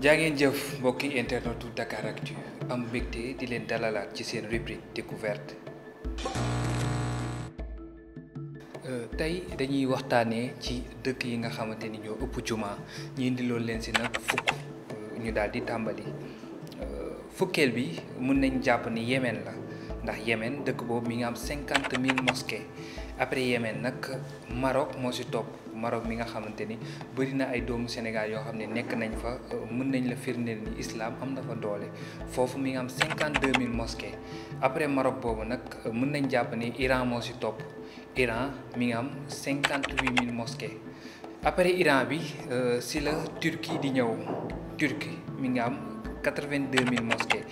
jaa ngeen jëf mbokki internetu Dakaractu am mbégte di leen dalalaat ci seen rubrique découverte euh, tey dañuy waxtaanee ci dëkk yi nga xamante ni ñoo ëpp jumaa ñu indiloon leen si nag fukk euh, ñu daal di tàmbali euh, fukkeel bi mën nañ jàpp ni Yémen la ndax Yémen dëkk boobu mi nga am cinquante mille mosquées après yemen nag Maroc moo ci topp Maroc mi nga xamante ni bëri na ay doomu Sénégal yoo xam ne nekk nañ fa mën nañ la firnde ni islam am na fa doole foofu mi nga am cinquante deux mille mosquées après Maroc boobu nag mën nañ jàpp ni Iran moo ci topp Iran mi nga am cinquante huit mille mosquées après Iran bi euh, si la Turquie di ñëw Turquie mi nga am. 82 000 mosquées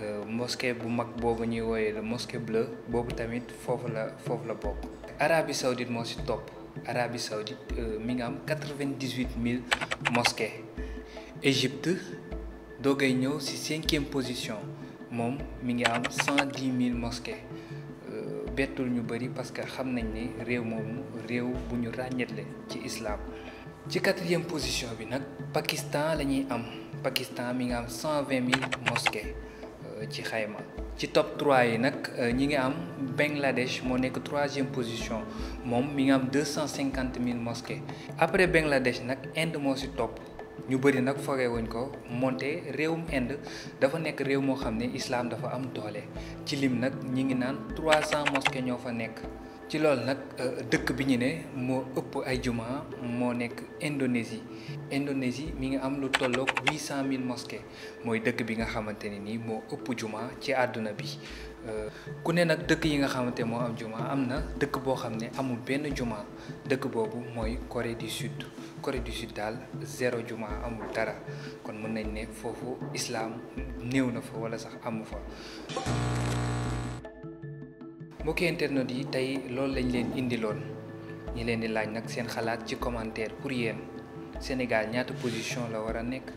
euh, mosquée mosquée bleue tamit la Arabie Saoudite moo ci Arabie Saoudite euh, mi 98 000 mosquées Égypte doogay ñëw cinquième position moom mi 110 000 mosquées. Euh, bettul ñu bëri parce que xam bu ñu islam position bi Pakistan la Pakistan mi 120 am mosquées euh, ci xayma top 3 yi nak euh, ñi Bangladesh en 3 troisième position mom mi ngi am mosquées après Bangladesh nak Inde mo ci top ñu nak foré ko monter réewum Inde dafa nekk réew mo xamné islam dafa am ci lim ñi ngi mosquées ci loolu nag euh, dëkk bi ñu ne moo ëpp ay juma moo nekk Indonésie Indonésie mi ngi am lu tolloog huit cent mille mosquées mooy dëkk bi nga xamante ne nii moo ëpp jumaa ci àdduna bi euh, ku ne nag dëkk yi nga xamante moo am juma am na dëkk boo xam ne amul benn juma dëkk boobu mooy Corée du Sud Corée du Sud daal zéro juma amul dara kon mën nañ ne foofu islaam néew na fa wala sax amu fa mbokki internet yi tey loolu lañ leen indiloon ñi leen di laaj nag seen xalaat ci commentaire pour yéen Sénégal ñaata position la war a nekk